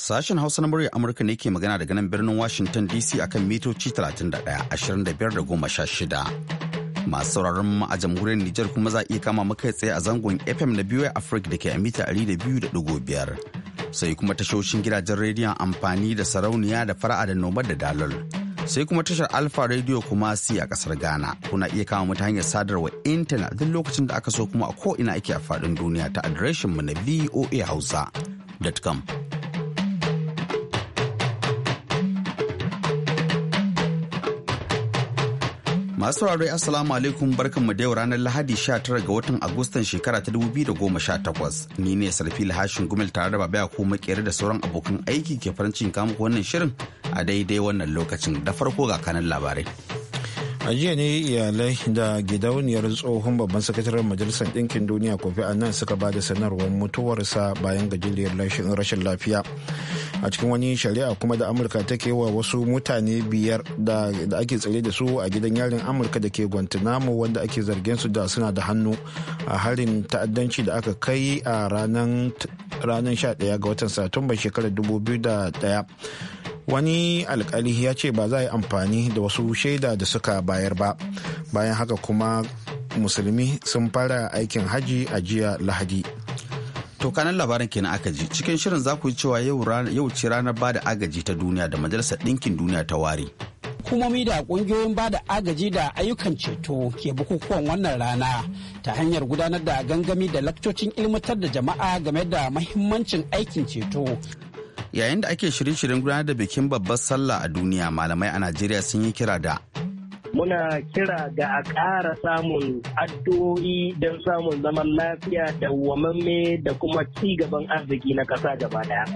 Sashen Hausa na murya Amurka ne ke magana daga nan birnin Washington DC akan mitoci 31 shida Masu sauraron mu a jamhuriyar Nijar kuma za iya kama maka tsaye a zangon FM na BYU Africa da ke a mita 200.5. Sai kuma tashoshin gidajen rediyon amfani da sarauniya da fara'a da nomad da dalol. Sai kuma tashar alpha Radio kuma si a kasar Ghana. Kuna iya kama mu ta hanyar sadarwa intanet duk lokacin da aka so kuma a ko ina ake a faɗin duniya ta adireshin mu na voahausa.com. Masu sauraro Assalamu alaikum barkanmu da yau ranar Lahadi 19 ga watan Agustan shekara ta 2018. Ni ne Sarfi Lahashin Gumel tare da Babaya ko makere da sauran abokan aiki ke farin cikin kamuku wannan shirin a daidai wannan lokacin da farko ga kanan labarai. a jiya ne iyalai da gidauniyar tsohon babban sakataren majalisar ɗinkin duniya kofi nan suka ba da sanarwar mutuwarsa bayan gajeriyar rashin lafiya a cikin wani shari'a kuma da amurka take wa wasu mutane biyar da ake tsare da su a gidan yarin amurka da ke guantanamo wanda ake zargin su da suna da hannu a harin ta'addanci da aka kai a ranar 11 ga watan satumba shekarar 2001 wani alkali ya ce ba za a yi amfani da wasu shaida da suka bayar ba bayan haka kuma musulmi sun fara aikin hajji a jiya lahadi to kanan labarin kenan aka ji cikin shirin za ku yi cewa yau ce ranar ba da agaji ta duniya da majalisar ɗinkin duniya ta ware hukumomi da ƙungiyoyin ba da agaji da ayyukan ceto ke bukukuwan wannan rana ta hanyar gudanar da gangami da laktocin ilmantar da jama'a game da mahimmancin aikin ceto yayin da ake shirin-shirin gudanar da bikin babbar sallah a duniya malamai a najeriya sun yi kira da muna kira ga a ƙara samun addu'o'i don samun zaman lafiya da wamamme da kuma ci gaban arziki na ƙasa gaba daya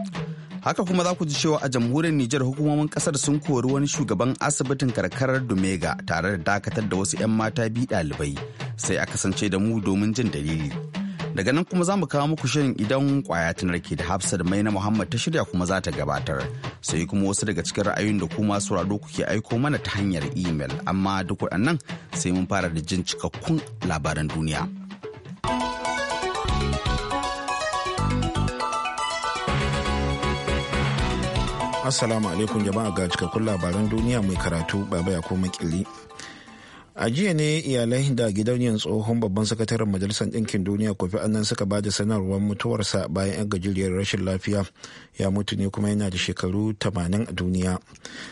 haka kuma za ku ji cewa a jamhuriyar Nijar hukumomin ƙasar sun kori wani shugaban asibitin karkarar Dumega tare da dakatar da wasu 'yan mata biyu ɗalibai sai a kasance da mu domin jin dalili. daga nan kuma za mu kawo muku shirin idan kwaya ta narke da hafsar mai na muhammad ta shirya kuma za ta gabatar sai kuma wasu daga cikin ra'ayoyin da kuma sauraro kuke aiko mana ta hanyar imel amma duk waɗannan sai mun fara da jin cikakkun labaran duniya assalamu alaikum jama'a ga cikakkun labaran duniya mai karatu baba ya koma kili a jiya ne iyalai da gidauniyar tsohon babban sakataren majalisar ɗinkin duniya kofi annan suka ba da sanarwar mutuwarsa bayan yan gajiriyar rashin lafiya ya mutu ne kuma yana da shekaru 80 a duniya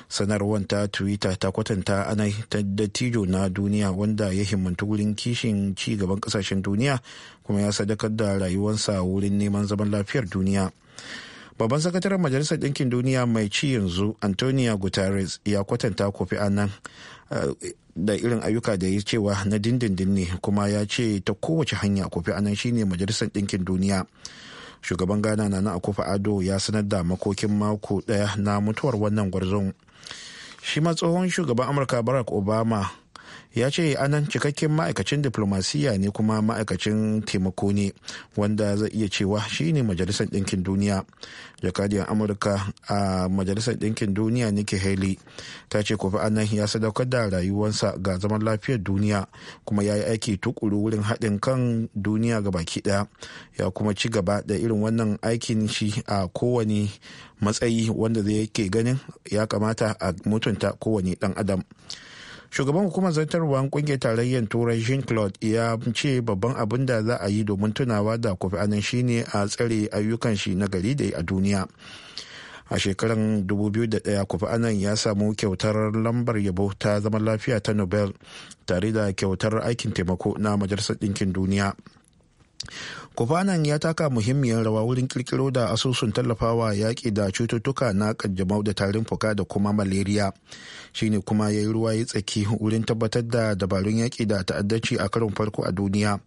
sanarwar ta twitter ta kwatanta ana ta dattijo na duniya wanda ya himmantu wurin kishin ci gaban kasashen duniya kuma ya sadakar da rayuwarsa wurin neman zaman lafiyar duniya babban sakataren majalisar ɗinkin duniya mai ci yanzu antonio guterres ya kwatanta kofi anan eh, da irin ayyuka da ya cewa na dindindin ne kuma ya ce ta kowace hanya kofi anan shine majalisar ɗinkin duniya shugaban ghana na akufa ado ya sanar da makokin mako ɗaya na mutuwar wannan gwarzon shi ma tsohon shugaban amurka barack obama ya ce anan cikakken ma'aikacin diplomasiya ne kuma ma'aikacin taimako ne wanda zai iya cewa shi ne majalisar ɗinkin duniya jakadiyar amurka a majalisar ɗinkin duniya ke haley ta ce kofi anan ya sadaukar da rayuwarsa ga zaman lafiyar duniya kuma ya yi aiki tukuru wurin haɗin kan duniya ga baki ɗaya ya kuma ci gaba da irin wannan aikin shi a kowane matsayi wanda zai ke ganin ya kamata a mutunta kowane ɗan adam shugaban hukumar zartarwar kungiyar tarayyar turai jean claude ya ce babban abin da za a yi domin tunawa da kofi anan shine a tsare ayyukan shi na gari da a duniya a shekarar 2001 kofi anan ya samu kyautar lambar yabo ta zama lafiya ta nobel tare da kyautar aikin taimako na majalisar ɗinkin duniya Kofanan ya taka muhimmiyar rawa wurin kirkiro da asusun tallafawa yaƙi da cututtuka na kanjamau da tarin fuka da kuma maleriya. Shine kuma ya yi ruwa ya tsaki wurin tabbatar da dabarun yaƙi da ta'addanci a karon farko a duniya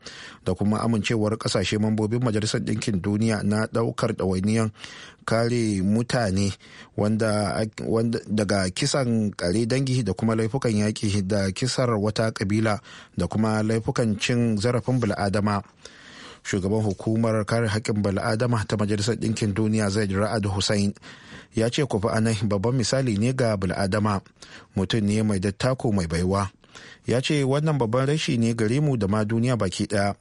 da kuma amincewar ƙasashe mambobin Majalisar Ɗinkin Duniya na ɗaukar ɗawainiyar kare mutane wanda, daga kisan kare dangi da kuma laifukan yaƙi da kisar wata ƙabila da kuma laifukan cin zarafin bil'adama. shugaban hukumar kare haƙƙin bala'adama ta majalisar ɗinkin duniya zaid ra'ad hussein ya ce kufa anai babban misali ne ga bala'adama mutum ne mai dattako mai baiwa ya ce wannan babban rashi ne gare mu da ma duniya baki ɗaya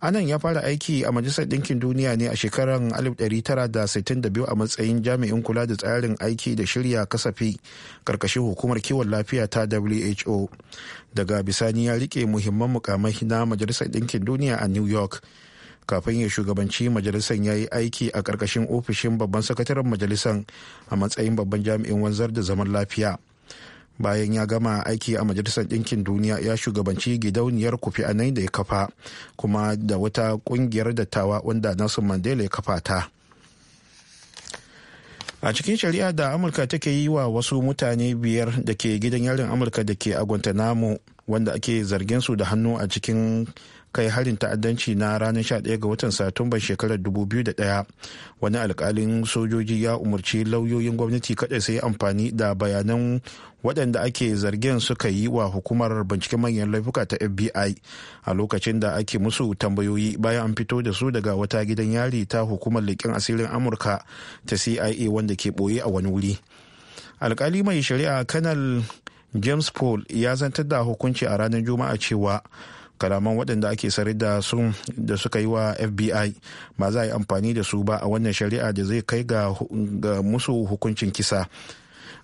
anan ya fara aiki a majalisar ɗinkin duniya ne a shekarar 1962 a matsayin jami'in kula da tsarin aiki da shirya kasafi karkashin hukumar kiwon lafiya ta who daga bisani ya rike muhimman mukamai na majalisar ɗinkin duniya a new york kafin ya shugabanci majalisar ya yi aiki a ƙarƙashin ofishin babban sakataren majalisar a matsayin babban jami'in wanzar da zaman lafiya bayan ya gama aiki a majalisar ɗinkin duniya ya shugabanci gidauniyar kufi anai da ya kafa kuma da wata ƙungiyar dattawa wanda nelson mandela ya kafa ta a cikin shari'a da amurka take yi wa wasu mutane biyar da ke gidan yarin amurka da ke a guantanamo wanda ake zargin su da hannu a cikin kai harin ta'addanci na ranar 11 ga watan satumba shekarar 2001 wani alkalin sojoji ya umarci lauyoyin gwamnati kada sai amfani da bayanan waɗanda ake zargin suka yi wa hukumar binciken manyan laifuka ta fbi a lokacin da ake musu tambayoyi bayan an fito da su daga wata gidan yari ta hukumar leƙen asirin amurka ta cia wanda ke ɓoye a wani wuri alkali mai shari'a kanal james paul ya zantar da hukunci a ranar juma'a cewa kalaman waɗanda ake sarar da su da suka yi wa fbi ba za a yi amfani da su ba a wannan shari'a da zai kai ga musu hukuncin kisa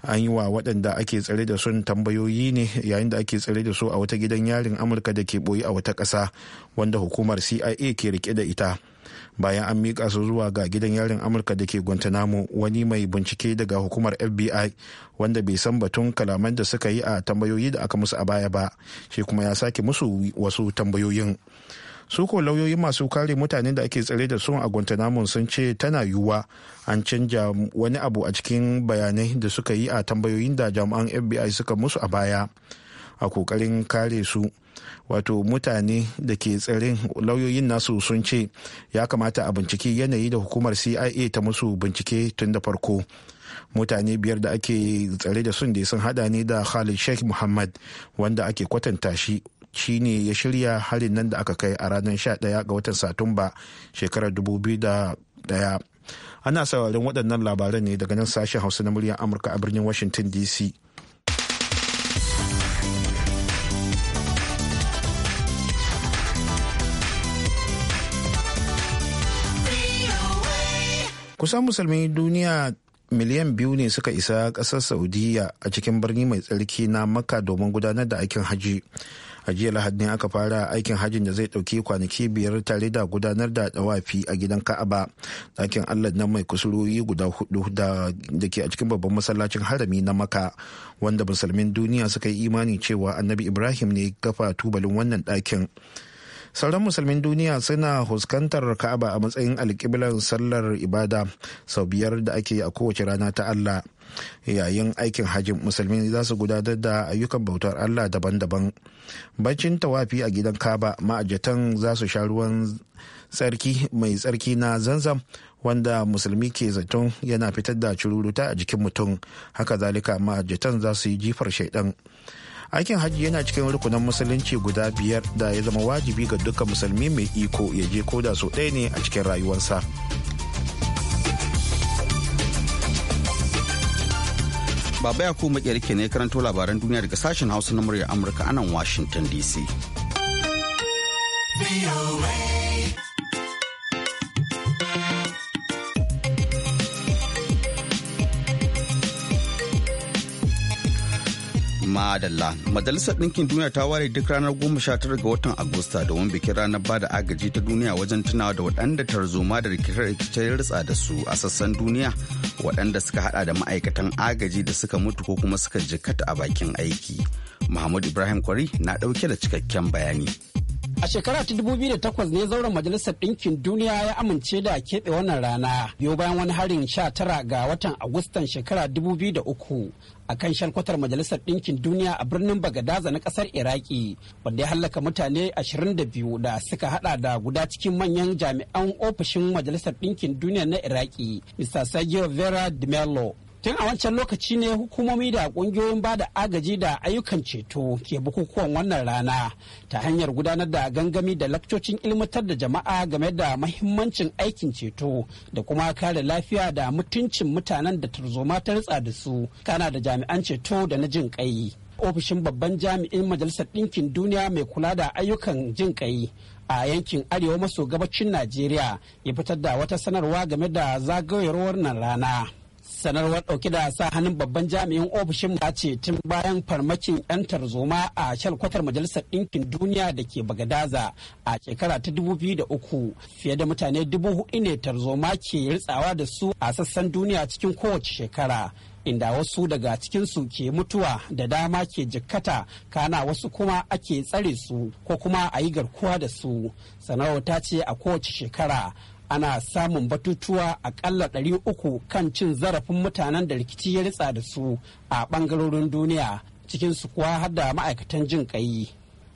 an yi wa waɗanda ake tsare da sun tambayoyi ne yayin da ake tsare da su a wata gidan yarin amurka da ke boye a wata ƙasa wanda hukumar cia ke rike da ita bayan an miƙa su zuwa ga gidan yarin amurka da ke guantanamo wani mai bincike daga hukumar fbi wanda bai san batun kalaman da suka yi a tambayoyi da aka musu a baya ba shi kuma ya sake musu wasu tambayoyin su ko lauyoyi masu kare mutanen da ake tsare da su a guantanamo sun ce tana yiwuwa an canja wani abu a cikin bayanai da suka yi a tambayoyin da jami'an fbi suka musu a baya a kokarin kare su wato mutane da ke tsirin lauyoyin nasu sun ce ya kamata a bincike yanayi da hukumar cia ta musu bincike tun da farko mutane biyar da ake tsare da sun sun hada ne da khalid sheikh muhammad wanda ake kwatanta shi shi ne ya shirya harin nan da aka kai a ranar 11 ga watan satumba shekarar 2001 ana sauraron waɗannan labaran ne daga nan sashen hausa na muryar amurka a birnin washington dc kusan musulmi duniya miliyan biyu ne suka isa ƙasar saudiya a cikin birni mai tsarki na makka domin gudanar da aikin haji a jiya lahadi ne aka fara aikin hajin da zai ɗauki kwanaki biyar tare da gudanar da dawafi a gidan ka'aba ɗakin allah na mai kusuroyi guda hudu da ke a cikin babban masallacin harami na maka wanda musulmin duniya suka yi imani cewa annabi ibrahim ne kafa tubalin wannan ɗakin sauran musulmin duniya suna huskantar ka'aba a matsayin alƙiblar sallar ibada sau biyar da ake a kowace rana ta allah yayin aikin hajji musulmi za su gudanar da ayyukan bautar allah daban-daban baccin tawafi a gidan kaba ma'ajatan za su sha ruwan tsarki mai tsarki na zanzam wanda musulmi ke zaton yana fitar da cururuta a jikin mutum haka zalika ma'ajatan za su yi jifar shaidan aikin hajji yana cikin rukunin musulunci guda biyar da ya zama wajibi ga dukkan musulmi mai iko ya je koda su ɗaya ne a cikin rayuwarsa baba ya kuma ke ne karanto labaran duniya daga sashen hausa na muryar amurka anan washington dc Adalla. Majalisar Ɗinkin Duniya ta ware duk ranar 19 ga watan Agusta domin bikin ranar ba da agaji ta duniya wajen tunawa da waɗanda tarzoma da rikice-rikice ritsa da su a sassan duniya waɗanda suka hada da ma'aikatan agaji da suka mutu ko kuma suka jikata a bakin aiki. Muhammad Ibrahim Kwari na ɗauke da cikakken bayani. A shekara ta takwas ne zauren Majalisar Ɗinkin Duniya ya amince da keɓe wannan rana biyo bayan wani harin sha tara ga watan Agustan shekara da uku. a kan shankwatar majalisar ɗinkin duniya a birnin bagadaza na ƙasar iraki wanda ya hallaka mutane 22 da suka hada da guda cikin manyan jami'an ofishin majalisar ɗinkin duniya na iraki mr sergio vera de tun a wancan lokaci ne hukumomi da kungiyoyin ba da agaji da ayyukan ceto ke bukukuwan wannan rana ta hanyar gudanar da gangami da lakcocin ilmantar da jama'a game da mahimmancin aikin ceto da kuma kare lafiya da mutuncin mutanen da tarzoma ta ritsa da su kana da jami'an ceto da na jin kai ofishin babban jami'in majalisar ɗinkin duniya mai kula da ayyukan jin kai a yankin arewa maso gabacin najeriya ya fitar da wata sanarwa game da zagayowar wannan rana sanarwar dauke da sa hannun babban jami'in ofishin ta ce tun bayan farmakin yan tarzoma a shalkwatar majalisar ɗinkin duniya da ke bagadaza a shekara ta dubu biyu da uku fiye da mutane dubu hudu ne tarzoma ke ritsawa da su a sassan duniya cikin kowace shekara inda wasu daga cikinsu ke mutuwa da dama ke jikkata kana wasu kuma ake tsare su ko kuma a yi garkuwa da su sanarwar ta ce a kowace shekara ana samun batutuwa akalla uku kan cin zarafin mutanen da rikici ya ritsa da su a ɓangarorin duniya cikinsu kuwa har da ma'aikatan jin ƙai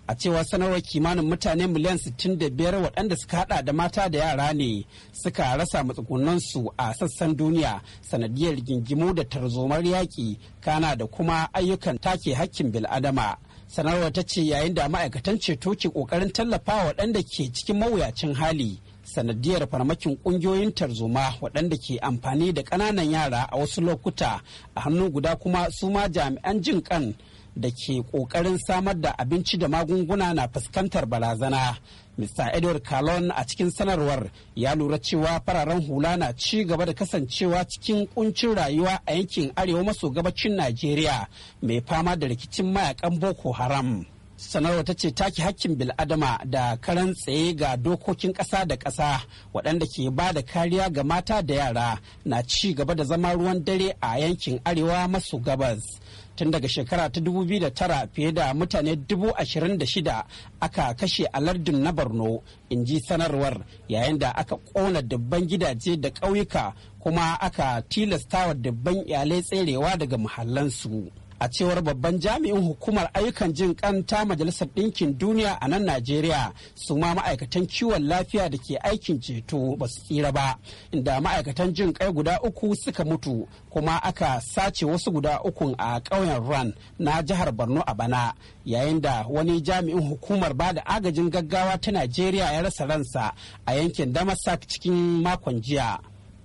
a cewa sanarwar kimanin mutane miliyan 65 waɗanda suka hada da mata da yara ne suka rasa matsugunansu a sassan duniya sanadiyar gingimu da tarzomar yaƙi kana da kuma ayyukan take hakkin bil'adama sanarwar ta ce yayin da ma'aikatan ceto ke ƙoƙarin tallafa waɗanda ke cikin mawuyacin hali sanadiyar farmakin kungiyoyin tarzoma waɗanda ke amfani da ƙananan yara a wasu lokuta a hannu guda kuma su ma jami'an jin kan da ke ƙoƙarin samar da abinci da magunguna na fuskantar barazana Mr. Edward Calon a cikin sanarwar ya lura cewa fararen hula na ci gaba da kasancewa cikin kuncin rayuwa a yankin arewa maso gabacin Najeriya mai fama da rikicin mayakan Boko Haram. sanarwar ta ce take hakkin bil'adama da karan tsaye ga dokokin ƙasa da ƙasa waɗanda ke ba da kariya ga mata da yara na ci gaba da zama ruwan dare a yankin arewa maso gabas tun daga shekara ta 2009 fiye da mutane 26,000 aka kashe a lardin na borno in ji sanarwar yayin da aka kona dabban gidaje da ƙauyuka kuma aka tilastawa dabban iyalai tserewa daga muhallansu. a cewar babban jami'in hukumar ayyukan jin kan ta majalisar ɗinkin duniya a nan najeriya su ma ma'aikatan kiwon lafiya da ke aikin ceto ba su tsira ba inda ma'aikatan jin kai guda uku suka mutu kuma aka sace wasu guda uku a ƙauyen ran na jihar borno a bana yayin da wani jami'in hukumar ba da agajin gaggawa ta najeriya ya rasa ransa a yankin damasak cikin makon jiya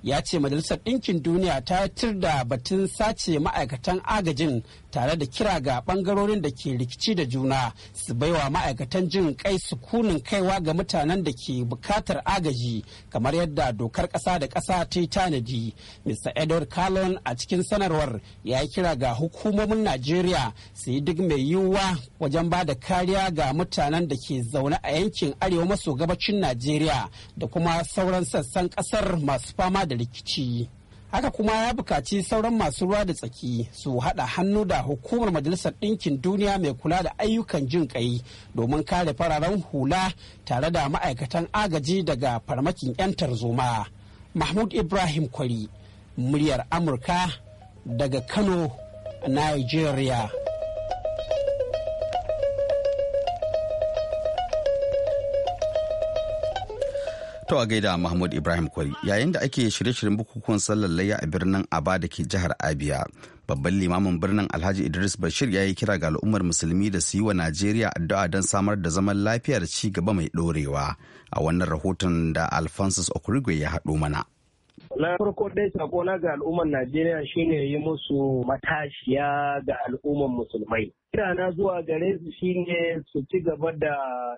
ya ce majalisar ɗinkin duniya ta tir da batun sace ma'aikatan agajin tare da kira ga bangarorin da ke rikici da juna su baiwa ma'aikatan jin kai sukunin kaiwa ga mutanen da ke bukatar agaji kamar yadda dokar kasa da kasa ta yi tanadi mr edward carlon a cikin sanarwar ya kira ga hukumomin najeriya su yi duk mai yiwuwa wajen ba da kariya ga mutanen da ke zaune a yankin arewa maso gabacin najeriya da kuma sauran sassan kasar masu fama da rikici haka kuma ya bukaci sauran masu ruwa da tsaki su haɗa hannu da hukumar majalisar ɗinkin duniya mai kula da ayyukan jin kai domin kare fararen hula tare da ma'aikatan agaji daga farmakin 'yan tarzoma mahmud ibrahim kwari muryar amurka daga kano nigeria To a gaida Mahmud Ibrahim Kwari yayin da ake shirye-shiryen bukukuwan sallar layya a birnin Aba da ke jihar Abia. Babban limamin birnin Alhaji Idris Bashir ya yi kira ga al'ummar musulmi da su yi wa Najeriya addu'a don samar da zaman lafiya da ci gaba mai ɗorewa. A wannan rahoton da Alphonsus Okurigwe ya haɗo mana. na farko dai sakona ga al'ummar najeriya shine yi musu matashiya ga al'ummar musulmai kirana zuwa gare su shine su ci gaba da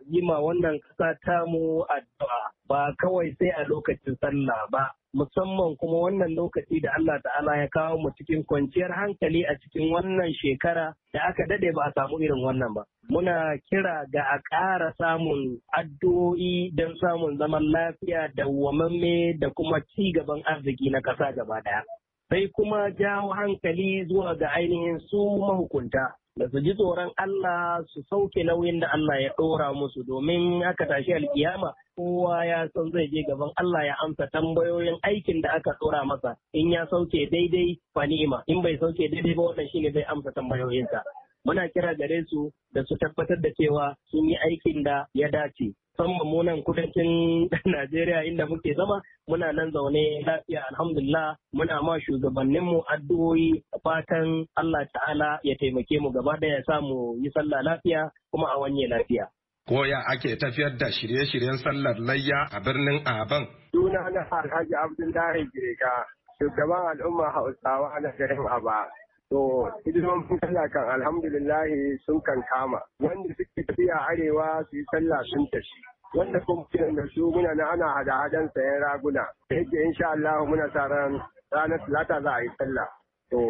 yi ma wannan kasa tamu addu'a ba kawai sai a lokacin sallah ba musamman kuma wannan lokaci da Allah ta'ala ya kawo mu cikin kwanciyar hankali a cikin wannan shekara da aka dade ba a samu irin wannan ba muna kira ga a ƙara samun addu'o'i don samun zaman lafiya da wamamme da kuma ci gaban arziki na ƙasa gaba daya sai kuma jawo hankali zuwa ga ainihin su mahukunta da su ji tsoron Allah su sauke nauyin da Allah ya ɗora musu domin aka tashi alkiyama kowa ya san zai je gaban Allah ya amsa tambayoyin aikin da aka ɗora masa in ya sauke daidai fa ni'ima in bai sauke daidai ba wannan shine zai amsa tambayoyinsa muna kira gare su da su tabbatar da cewa sun yi aikin da ya dace musamman mu nan kudancin Najeriya inda muke zama muna nan zaune lafiya alhamdulillah muna ma shugabannin mu addu'o'i fatan Allah ta'ala ya taimake mu gaba da ya samu yi sallah lafiya kuma a wanye lafiya. Koya ake tafiyar da shirye-shiryen sallar layya a birnin Aban. Suna na Alhaji Abdullahi Girka, shugaban al'umma Hausawa na garin Aba. To hidimomin sallah kan alhamdulillahi sun kan kama. Wanda suke tafiya arewa su yi sallah sun tafi. Wanda kuma da su muna na ana hada-hadan sayan raguna. Da yake insha Allah muna sa ran ranar talata za a yi sallah. To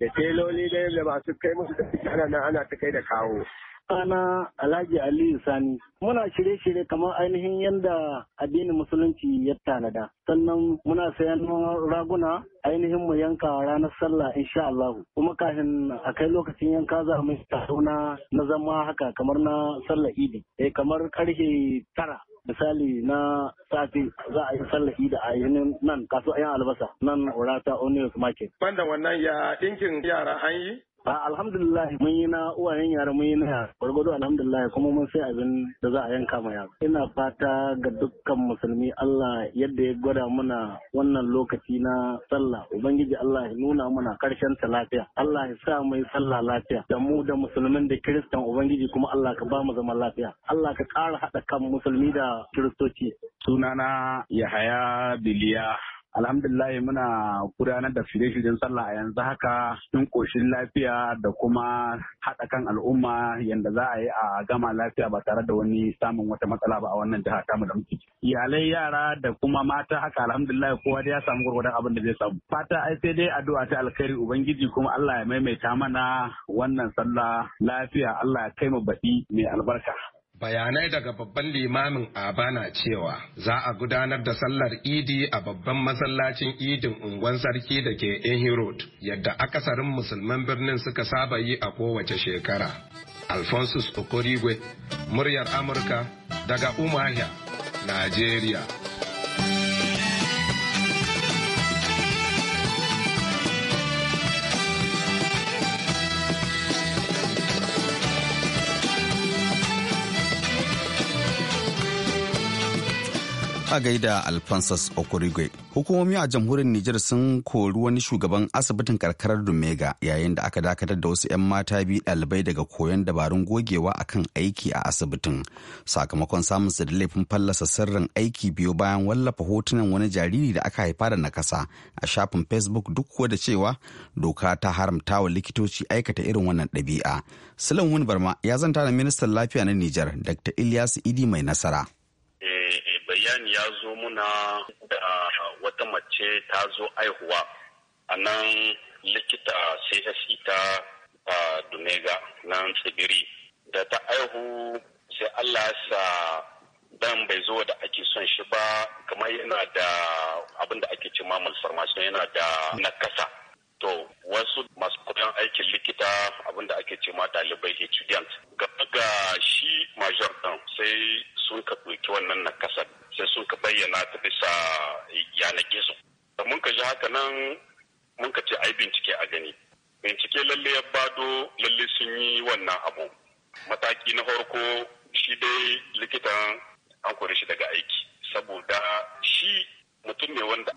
da teloli dai da masu kai musu tafi ana nan ana ta kai da kawo. Ana Alhaji Aliyu Sani. Muna shirye-shirye kamar ainihin yadda addinin musulunci ya tanada. Sannan muna sayan raguna ainihin mu yanka ranar sallah insha Allah. Kuma kafin a kai lokacin yanka za mu taro na zama haka kamar na sallah idi. Eh kamar karfe tara misali na safe za a yi idi a yi nan kasuwa ayan albasa nan orata onius market. Banda wannan ya dinkin yara an yi? alhamdulillah mun yi na uwayen yara mun yi na yara gwargwado alhamdulillah kuma mun sai abin da za a yanka ma yara ina fata ga dukkan musulmi Allah yadda ya gwada mana wannan lokaci na sallah ubangiji Allah ya nuna mana karshen ta lafiya Allah ya sa mai sallah lafiya da mu da musulmin da kiristan ubangiji kuma Allah ka ba mu zama lafiya Allah ka kara haɗa kan musulmi da kiristoci sunana Yahaya Biliya alhamdulillah muna gudanar da shirye-shiryen sallah a yanzu haka cikin koshin lafiya da kuma haɗa kan al'umma yadda za a yi a gama lafiya ba tare da wani samun wata matsala ba a wannan jiha tamu da muke iyalai yara da kuma mata haka alhamdulillah kowa dai ya samu gwargwadon abin da zai samu fata ai sai dai addu'a ta alkhairi ubangiji kuma Allah ya maimaita mana wannan sallah lafiya Allah ya kai mu baɗi mai albarka Bayanai daga babban limamin Aba na cewa za a gudanar da sallar Idi a babban masallacin Idin unguwan sarki da ke Enhi Road yadda akasarin musulman birnin suka saba yi a kowace shekara. Alphonsus Okorigwe, muryar Amurka daga Umahia, Najeriya. a gaida alphonsus okurigwe hukumomi a jamhuriyar niger sun kori wani shugaban asibitin karkarar dumega yayin da aka dakatar da wasu 'yan mata biyu dalibai daga koyon dabarun gogewa akan aiki a asibitin sakamakon samun su da laifin fallasa sirrin aiki biyu bayan wallafa hotunan wani jariri da aka haifa da nakasa a shafin facebook duk da cewa doka ta haramta wa likitoci aikata irin wannan ɗabi'a wani barma ya zanta da ministan lafiya na niger dr ilyas idi mai nasara bayan ya zo muna da wata mace ta zo aihuwa a nan likita CSE ta Dunega nan tsibiri da ta aihu sai Allah sa dan bai zo da ake son shi ba kamar yana da abin da ake ce mamal farmasiyon yana da nakasa to wasu masu kudin aikin likita abin da ake ce ma dalibai ga shi major sai sun ka wannan nakasa bayyana ta bisa yanar gizo da mun ka ji haka nan mun ka ce ai bincike a gani bincike lalle ya bado lalle sun yi wannan abu mataki na farko shi dai likitan an kore shi daga aiki saboda shi mutum ne wanda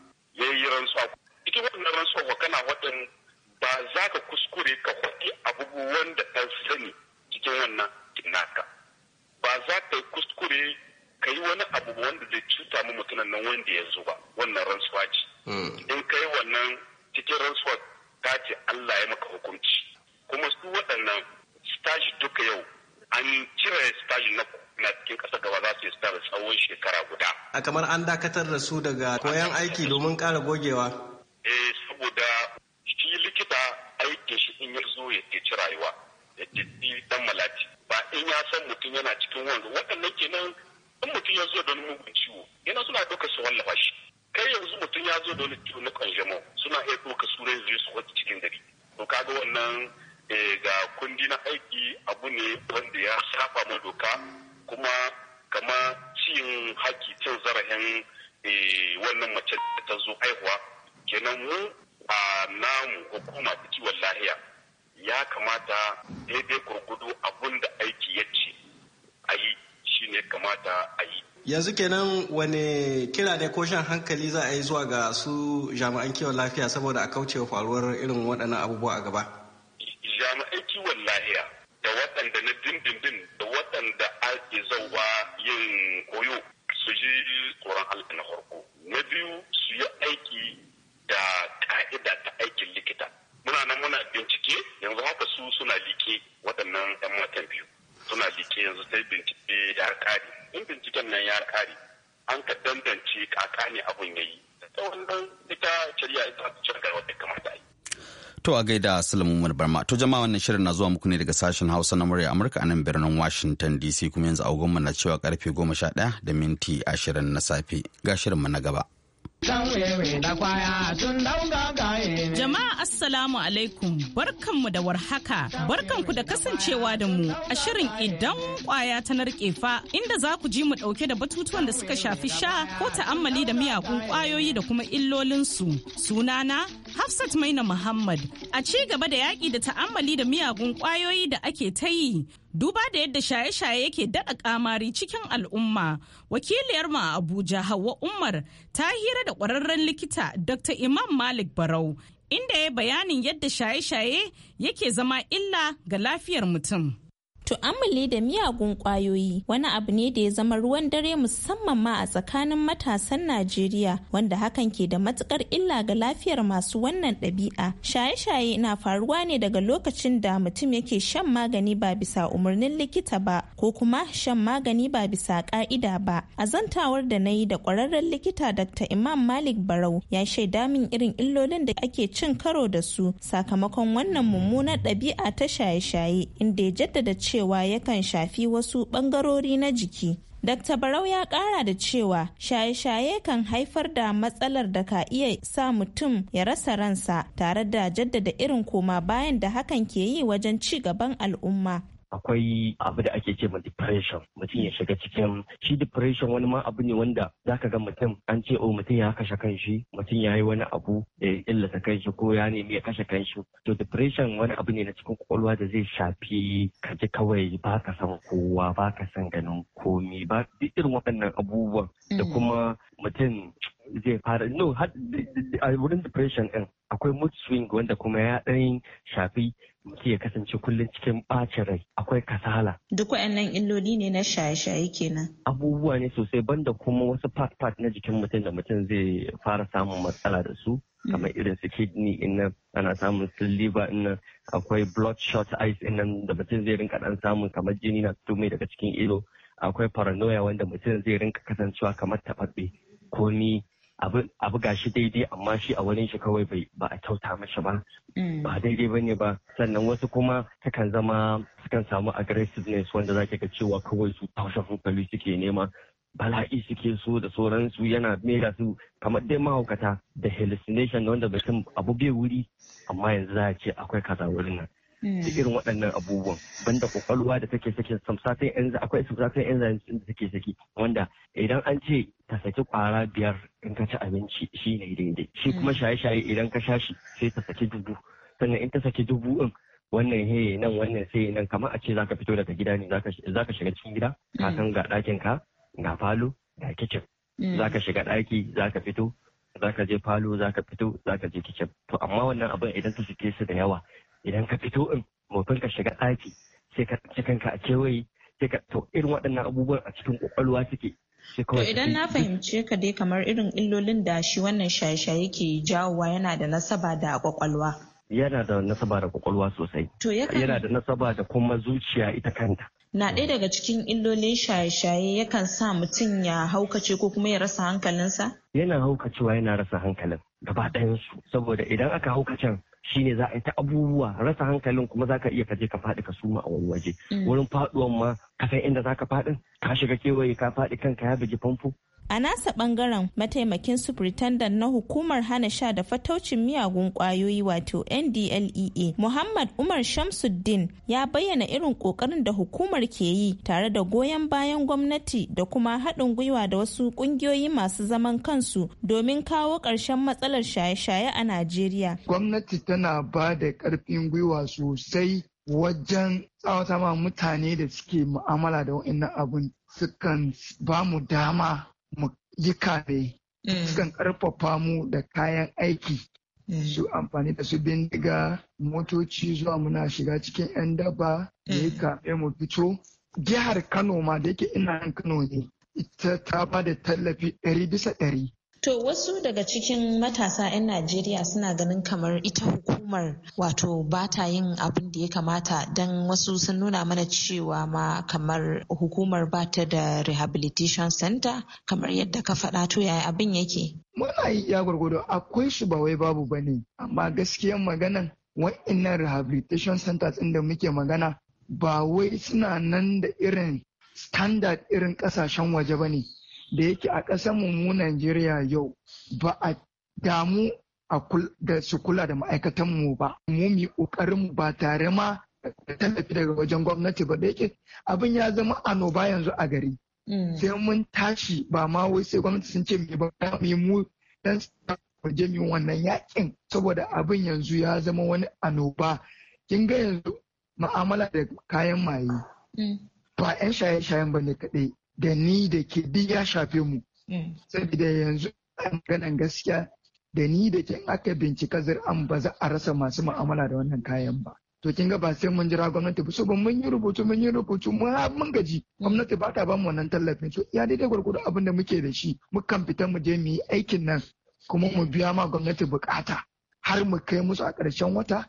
an dakatar da su daga koyan aiki domin ƙara gogewa. Eh saboda shi likita aikin shi in ya zo ya ceci rayuwa ya ci dan malati ba in ya san mutum yana cikin wanda waɗannan kenan in mutum ya zo da wani mugun ciwo yana suna ɗauka su wallafa shi kai yanzu mutum ya zo da wani ciwo na kanjamau suna iya ɗauka su rai zai su wata cikin dare. to kaga wannan eh, ga kundi na aiki abu ne wanda ya saba ma doka kuma kama cin haƙƙi cin zarafin eh, wannan mace da ta zo haihuwa kenan mu a namu hukuma ta kiwon lahiya ya kamata daidai gurgudu abun da aiki ya ce a yi shi ne kamata a yi yanzu kenan wani kira ne ko shan hankali za a yi zuwa ga su jami'an kiwon lafiya saboda a kauce faruwar irin waɗannan abubuwa a gaba jami'an kiwon lahiya da waɗanda na dindindin da waɗanda ake zauwa yin To a gaida Sulaiman Barma. To jama'a wannan shirin na zuwa muku ne daga sashen Hausa na murya Amurka a nan birnin Washington DC kuma yanzu agogonmu na cewa karfe 11 da minti 20 na safe. Ga shirinmu na gaba. Jama'a Assalamu alaikum barkanmu da warhaka barkanku da kasancewa da mu a shirin idan kwaya ta narke fa inda za ku ji mu dauke da batutuwan da suka shafi sha ko ta'ammali da miyagun kwayoyi da kuma illolinsu sunana Hafsat Maina Muhammad a ci gaba da yaƙi da ta'ammali da miyagun ƙwayoyi da ake ta yi duba da yadda shaye-shaye yake daɗa ƙamari cikin al'umma wakiliyar mu a Abuja Hauwa Umar ta hira da ƙwararren likita Dr. Imam Malik Barau inda ya bayanin yadda shaye-shaye yake zama illa ga lafiyar mutum. tu'ammali da miyagun kwayoyi wani abu ne da ya zama ruwan dare musamman ma a tsakanin matasan Najeriya wanda hakan ke da matukar illa ga lafiyar masu wannan ɗabi'a. Shaye-shaye na faruwa ne daga lokacin da mutum yake shan magani ba bisa umarnin likita ba ko kuma shan magani ba bisa ka'ida ba. A zantawar da na yi da kwararren likita Dr. Imam Malik Barau ya shaida min irin illolin da ake cin karo da su sakamakon wannan mummunar ɗabi'a ta shaye-shaye inda ya jaddada cewa cewa yakan shafi wasu ɓangarori na jiki. Dr. Barau ya kara da cewa shaye-shaye kan haifar da matsalar da ka iya sa mutum ya rasa ransa tare da jaddada irin koma bayan da hakan ke yi wajen ci gaban al'umma. akwai abu da ake ce ma depression mutum ya shiga cikin shi depression wani ma abu ne wanda zaka ga mutum an ce o oh, mutum ya kashe kanshi mutum ya yi wani abu da ya illata kanshi ko ya nemi ya kashe kanshi to depression wani abu ne na cikin kwakwalwa da zai shafi ka ji kawai ba ka san kowa ba ka san ganin komi ba irin waɗannan abubuwan da mm. kuma mutum zai fara no a wurin depression din akwai mood swing wanda kuma ya ɗan shafi mutum ya kasance kullum cikin ɓacin rai akwai kasala. Duk waɗannan illoli ne na shaye-shaye kenan. Abubuwa ne sosai banda kuma wasu part-part na jikin mutum da mutum zai fara samun matsala da su. kamar irin su kidney in nan ana samun su liver in nan akwai bloodshot eyes in nan da mutum zai rinka dan samun kamar jini na tumai daga cikin ido akwai paranoia wanda mutum zai rinka kasancewa kamar taɓaɓɓe komi abu ga shi daidai amma shi a wurin shi kawai ba a kyauta mashi ba mm. ba daidai ba ne ba sannan wasu kuma takan zama sukan samu aggressiveness wanda zaki ga cewa kawai su taushe hankali suke nema bala'i suke so da sauransu yana mera su kamar dai mahaukata da hallucination wanda bai san abu bai wuri amma yanzu za a ce akwai kaza wurin nan da mm. irin waɗannan abubuwan banda kwakwalwa da take saki samsatin enzyme akwai samsatin enzymes da take saki wanda idan an ce ta saki kwara biyar in ka ci abinci shi ne daidai shi mm. kuma shaye-shaye idan ka sha shi sai ta saki dubu sannan in ta saki dubu in wannan he nan wannan sai nan kamar a ce zaka fito daga gida ne zaka shiga cikin gida ka mm. san ga ɗakin ka ga falo ga kicin zaka shiga ɗaki zaka fito zaka je falo zaka fito zaka je kicin to amma wannan abin idan ta sike su da yawa idan ka fito in motar ka shiga ɗaki sai ka ci kanka a kewaye sai ka to irin waɗannan abubuwan a cikin ƙwaƙwalwa suke To idan na fahimce ka dai kamar irin illolin da shi wannan shaye-shaye ke jawowa yana da nasaba da kwakwalwa. Yana da nasaba da kwakwalwa sosai. To yana da nasaba da kuma zuciya ita kanta. Na ɗaya daga cikin illolin shaye-shaye yakan sa mutum ya haukace ko kuma ya rasa hankalinsa? Yana haukacewa yana rasa hankalin gaba ɗayansu saboda idan aka haukacen shine za a yi ta abubuwa rasa hankalin kuma za ka iya kaje ka faɗi ka suma a wani waje mm. wurin faɗuwan ma ka inda za ka faɗin ka shiga kewaye ka faɗi kanka ya bugi famfo A nasa bangaren mataimakin superintendent na hukumar hana sha da fataucin miyagun kwayoyi wato NDLEA Muhammad Umar Shamsuddin ya bayyana irin kokarin da hukumar ke yi tare da goyon bayan gwamnati da kuma haɗin gwiwa da wasu ƙungiyoyi masu zaman kansu domin kawo ƙarshen matsalar shaye-shaye a Najeriya. Gwamnati tana ba da ƙarfin gwiwa sosai wajen tsawata mutane da suke mu'amala da abun sukan ba mu dama mu yi kare. Mm. sukan karfafa mu da kayan aiki mm. su amfani da su bindiga motoci zuwa muna shiga cikin 'yan daba da mm. ya mu fito jihar kano ma da yake ina kano ne ita ta ba da tallafi ɗari bisa ɗari To wasu daga cikin matasa 'yan Najeriya suna ganin kamar ita hukumar wato bata yin abin da ya kamata don wasu sun nuna mana cewa ma kamar hukumar bata da rehabilitation center kamar yadda ka faɗa to yaya abin yake. Muna yi ya gwargwado akwai shi ba wai babu ba ne, amma gaskiyan maganan wa'innan rehabilitation centers inda muke magana ba wai suna nan da irin standard irin kasashen waje ba ne da yake a ƙasar mu Najeriya yau ba a damu da su kula da ma'aikatan mu ba mu mi ƙoƙarin ba tare ma tallafi daga wajen gwamnati ba da yake abin ya zama annoba yanzu a gari mm. sai mun tashi ba ma wai sai gwamnati sun ce me ba mu dan waje mi wannan yakin saboda abin yanzu ya zama wani annoba kin ga yanzu ma'amala da kayan maye mm. ba 'yan shaye-shayen ba ne kaɗai da ni da ke duk ya shafe mu saboda yanzu maganan gaskiya da ni da ke aka bincika zir'an ba za a rasa masu mu'amala da wannan kayan ba to kin ga ba sai mun jira gwamnati ba saboda mun yi rubutu mun yi rubutu mun mun gaji gwamnati ba ta bamu wannan tallafin to ya daidai gwargwado abin da muke da shi mukan fita mu je mu yi aikin nan kuma mu biya ma gwamnati bukata har mu kai musu a ƙarshen wata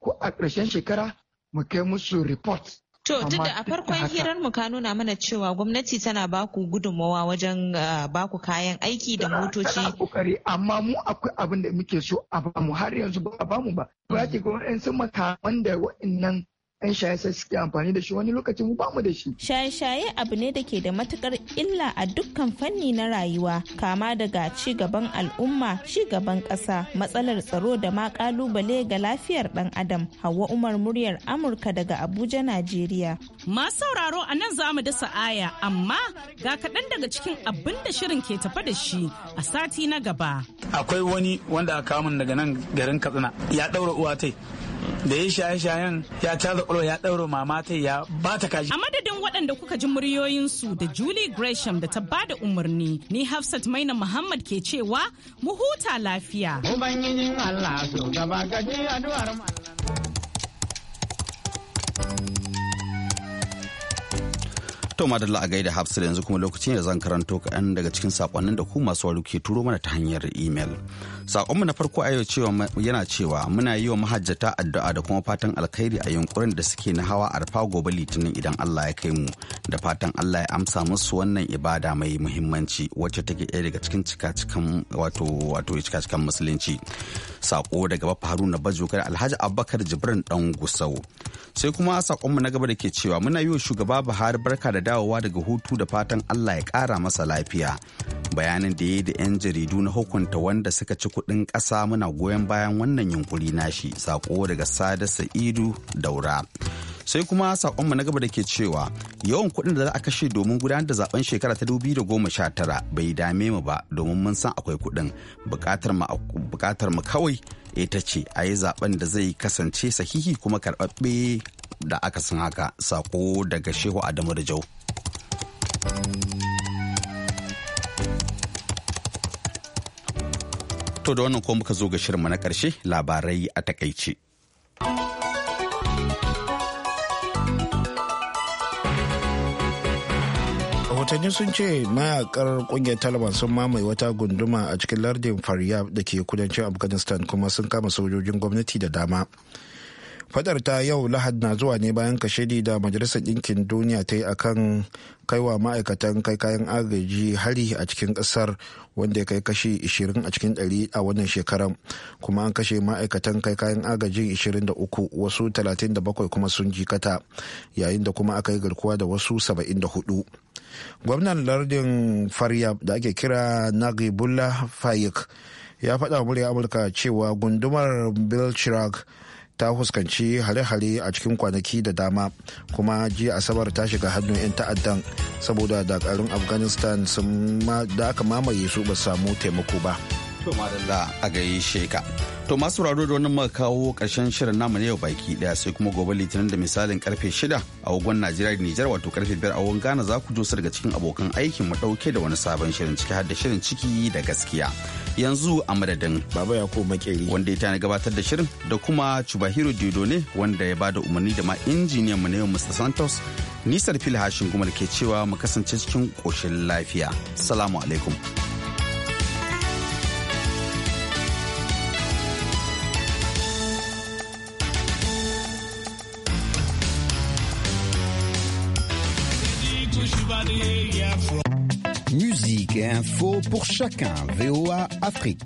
ko a ƙarshen shekara mu kai musu report To, duk da a farkon hirar mu ka nuna mana cewa gwamnati tana baku gudunmawa wajen ah, baku kayan aiki da motoci. Tana kokari amma mu akwai abin da muke so a mu har yanzu ba a bamu ba. Ba ki ga wa'ansu makaman da wa'annan 'yan shaye-shaye suke amfani da shi wani lokaci mu bamu da shi. Shaye-shaye abu ne da ke da matukar illa a dukkan fanni na rayuwa kama daga ci gaban al'umma, ci gaban ƙasa, matsalar tsaro da ma kalubale ga lafiyar ɗan adam. Hauwa Umar muryar Amurka daga Abuja, Najeriya. Masu sauraro a nan za mu dasa aya amma ga kaɗan daga cikin abin da shirin ke tafa da shi a sati na gaba. Akwai wani wanda a kamun daga nan garin Katsina ya ɗaura uwa tai da ya shaye-shayen ya tara kwalwa ya ɗauro mama ta ya ba ta kaji. A madadin waɗanda kuka ji muryoyinsu da Julie Gresham da ta ba da umarni ni Hafsat Maina Muhammad ke cewa mu huta lafiya. Ubangijin To madalla a gaida Hafsir yanzu kuma lokacin da zan karanto kaɗan daga cikin sakonnin da ku masu wari ke turo mana ta hanyar email. Sakonmu na farko a yana cewa muna yi wa mahajjata addu'a da kuma fatan alkhairi a yunkurin da suke na hawa arfa gobe litinin idan Allah ya kai mu da fatan Allah ya amsa musu wannan ibada mai muhimmanci wacce take ɗaya daga cikin cikacikan wato wato cikacikan musulunci. Sako daga Baffa Haruna Alhaji Abubakar Jibrin Dan Gusau. Sai kuma sakonmu na gaba da ke cewa muna yi wa shugaba Buhari barka da dawowa daga hutu da fatan Allah ya kara masa lafiya. Bayanin da ya yi da 'yan jaridu na hukunta wanda suka ci kuɗin ƙasa muna goyon bayan wannan yunkuri nashi sako daga Sada Sa'idu Daura. sai kuma sakonmu na gaba da ke cewa yawan kuɗin da za a kashe domin gudanar da zaben shekara ta sha tara bai dame mu ba domin mun san akwai kuɗin bukatar mu kawai ita ce a yi zaben da zai kasance sahihi kuma karɓaɓɓe da aka san haka sako daga shehu adamu da jau to da wannan ko muka zo ga shirinmu na karshe labarai a takaice rahotanni sun ce mayakar kungiyar taliban sun mamaye wata gunduma a cikin lardin faryab da ke kudancin afghanistan kuma sun kama sojojin gwamnati da dama fadar ta yau lahad na zuwa ne bayan kashedi da majalisar ɗinkin duniya ta yi a kan kaiwa ma'aikatan kai kayan agaji hari a cikin ƙasar wanda ya kai kashi 20 a cikin 100 a wannan shekarar kuma an kashe ma'aikatan kai kayan agajin 23 wasu 37 kuma sun jikata yayin da kuma aka yi garkuwa da wasu 74 gwamnan lardin faryab da ake kira nagibullah fayik ya faɗa murya amurka cewa gundumar bill ta huskanci hare-hare a cikin kwanaki da dama kuma jiya asabar ta shiga hannun 'yan ta'addan saboda dakarun afghanistan sun da aka mamaye su ba samu taimako ba to a to masu raro da wani makawo kawo karshen shirin namu na yau baki daya sai kuma gobe litinin da misalin karfe 6 a wagon najeriya da nijar wato karfe 5 a wagon ghana za ku dosa daga cikin abokan aikin mu dauke da wani sabon shirin ciki har da shirin ciki da gaskiya yanzu a madadin baba ya ko makeri wanda ya tana gabatar da shirin da kuma chubahiro dido ne wanda ya bada umarni da ma injiniyan mu ne yau mr santos nisar fil hashin kuma da ke cewa mu kasance cikin koshin lafiya salamu alaikum Info pour chacun. VOA Afrique.